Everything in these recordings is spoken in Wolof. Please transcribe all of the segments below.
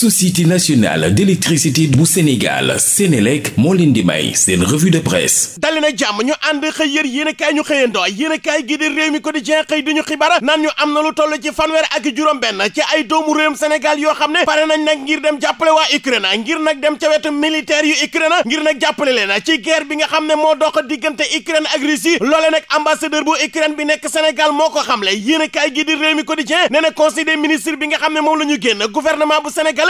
société nationale d'électricité bu Sénégal Sénélec moo leen di may seen revue de presse dali na jàmm ñu ànd xëy yër yéen kaay ñu xëyandoo yéen a gi di réew mi ko di jeex xëy duñu xibaar naan ñu am na lu toll ci fanweer ak juróom-benn ci ay doomu réewum Sénégal yoo xam ne pare nañ nag ngir dem jàppale waa Ukraine ngir nag dem ca wetu militaire yu Ukraine ngir nag jàppale leen ci guerre bi nga xam ne moo dox diggante Ukraine ak Russie loolee nag ambassadeur bu Ukraine bi moo ko xamle yéen a kaay gi di bi nga xam ne moom la ñu génn gouvernement bu Sénégal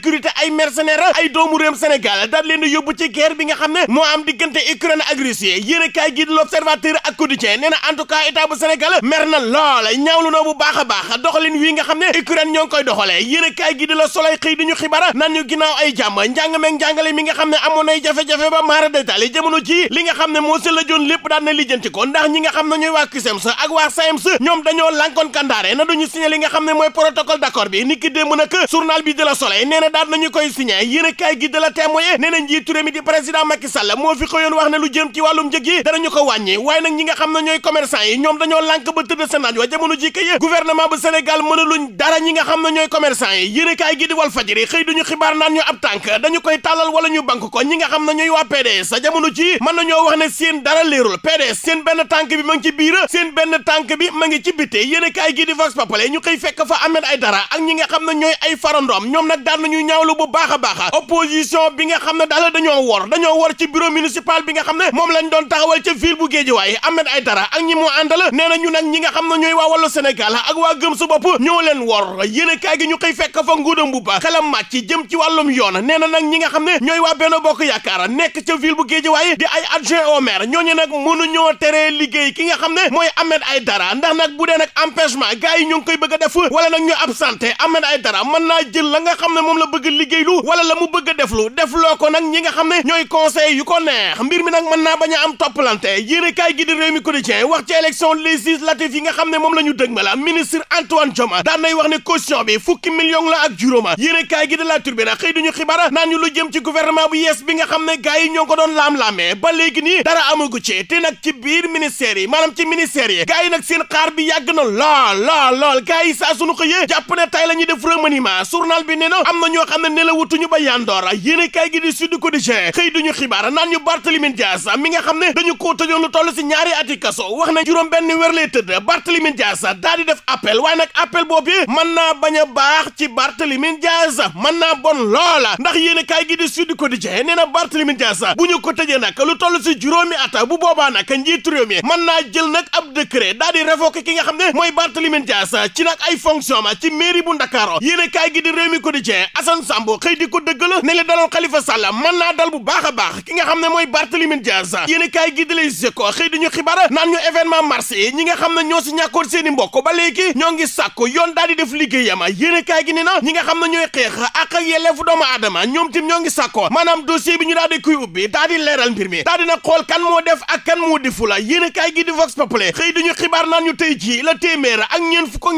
sécurité ay mercenaires ay doomu réewum Sénégal daal leen di yóbbu ci guerre bi nga xam ne moo am diggante Ukraine ak Russie yéen a kaay gi di l'Observateur ak Quotidien nee na en tout cas lool ñaawlu na bu baax a baax doxalin wii nga xam ne Ukraine ñoo koy doxalee yéen a kaay gi di la Soleil xëy xibaar naan ginnaaw ay jàmm njàng njàngale mi nga xam ne amoon nay jafe-jafe ba maara détaillé jamono ji li nga xam ne moo së joon lépp daan na ne nañu koy signé yéen a kaay gi de la témoin nee na njiitu di président Macky Sall moo fi xëyoon wax ne lu jëm ci wàllum njëg yi danañu ko wàññi waaye nag ñi nga xam ne ñooy commerçant yi ñoom dañoo lank ba tëdd sa naaj wa jamono ji kay gouvernement bu Sénégal mënaluñ dara ñi nga xam ne ñooy commerçant yi yéen a kaay wal fajiri xëy duñu xibaar naan ñu ab tànk dañu koy tàllal wala ñu bank ko ñi nga xam ne ñooy waa PDS jamono ji mën nañoo wax ne seen dara leerul PDS seen benn tànk bi ma ngi ci biir seen benn tànk bi ma ngi ci bitte yéen a kaay gi di Vox Populi ñu xëy fekk fa Ahmed Aïdara ak ñi nga xam ne ñooy ay farandoom ñoom nag nañu ñuy ñaawlu bu baax a baax opposition bi nga xam ne daal dañoo wor dañoo wor ci bureau municipal bi nga xam ne moom lañ doon taxawal ca ville bu Guédiawaye Ahmed Aïdara ak ñi mu àndal nee nag ñi nga xam ne ñooy waa Wallu Sénégal ak waa gëm sa bopp ñoo fekk fa nguudam bu baax xelam yoon nee nag ñi nga xam ne ñooy waa Benno Bokk Yaakaar nekk ca ville bu Guédiawaye di ay adjoint au maire ñooñu nag mënuñoo teree liggéey ki nga xam ne mooy ay dara ndax nag bu dee nag empêchement gars yi ñu ngi koy bëgg a def wala nag ñu absenté Ahmed Aïdara mën naa jël la nga xam ne moom la bëgg liggéeylu wala la mu bëgg a deflu defloo ko nag ñi nga xam ne ñooy conseil yu ko neex mbir mi nag mën naa bañ a am toppalante yéene kaay gi di réew mi quotidien wax ci élection législative yi nga xam ne moom la ñu dëg ma la ministre Antoine Diome daan nay wax ne caution bi fukki million la ak juróoma yéene kaay gi de la na xëy duñu xibaar naan ñu lu jëm ci gouvernement bu yees bi nga xam ne gars yi ñoo ko doon laam-laamee ba léegi nii dara amagu ci te nag ci biir yi maanaam ci ministère yi gars yi nag seen xaar bi yàgg na lool lool lool gars yi saa sunu xëyee jàpp ne tay la bi nee na am na ñoo xam ne nelawutuñu ba yandoora yéen kaay gi di Sud Quotidien xëy duñu xibaar naan ñu Barthélémy Dias mi nga xam ne dañu ko tëjoon lu toll si ñaari ati kaso wax na juróom benn weer lay tëdd Barthélémy Dias daal di def appel waaye nag appel boobu mën naa bañ a baax ci Barthélémy Dias man naa bon loola ndax yéen kaay gi di Sud Quotidien nee na Barthélémy Dias bu ñu ko tëjee nag lu toll si juróomi ata bu boobaa nag njiitu réew mi naa jël nag ab décret daal di révoquer ki nga xam ne mooy Barthélémy Dias ci nag ay fonction ci mairie bu Ndakaaru yéen kaay gi di Rewmi Quotidien san Sambo xëy di ko dëgg la ne la daloon Khalifa Sall mën naa dal bu baax a ki nga xam ne mooy Barthélémy Dias yéen i kaay gi seko xëy di ñu xibaar naan ñu événement marché ñi nga xam ne ñoo si ñàkkoon seen i mbokk ba léegi ñoo ngi sàkku yoon daal def liggéeyam yéen i kaay gi na ñi nga xam ne ñooy xeex ak ak yelleefu doomu aadama ñoom tim ñoo ngi sàkko maanaam dossier bi ñu daal di kuy ubbi daal di leeral mbir mi daal xool kan moo def ak kan moo defu la yéen i la téeméer ak ñeen fukk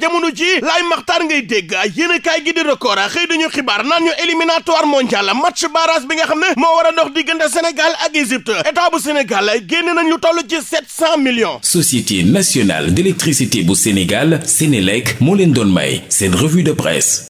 jamono ji laay maxtaar ngay dégg yéenekaay gi di record xëy dañu xibaar naan ñu éliminatoire mondial match barrage bi nga xam ne moo war a dox diggante Sénégal ak Égypte état bu Sénégal génn nañ lu toll ci sept cent millions. Société nationale d'électricité bu Sénégal Sénélec moo leen doon may seen revue de presse.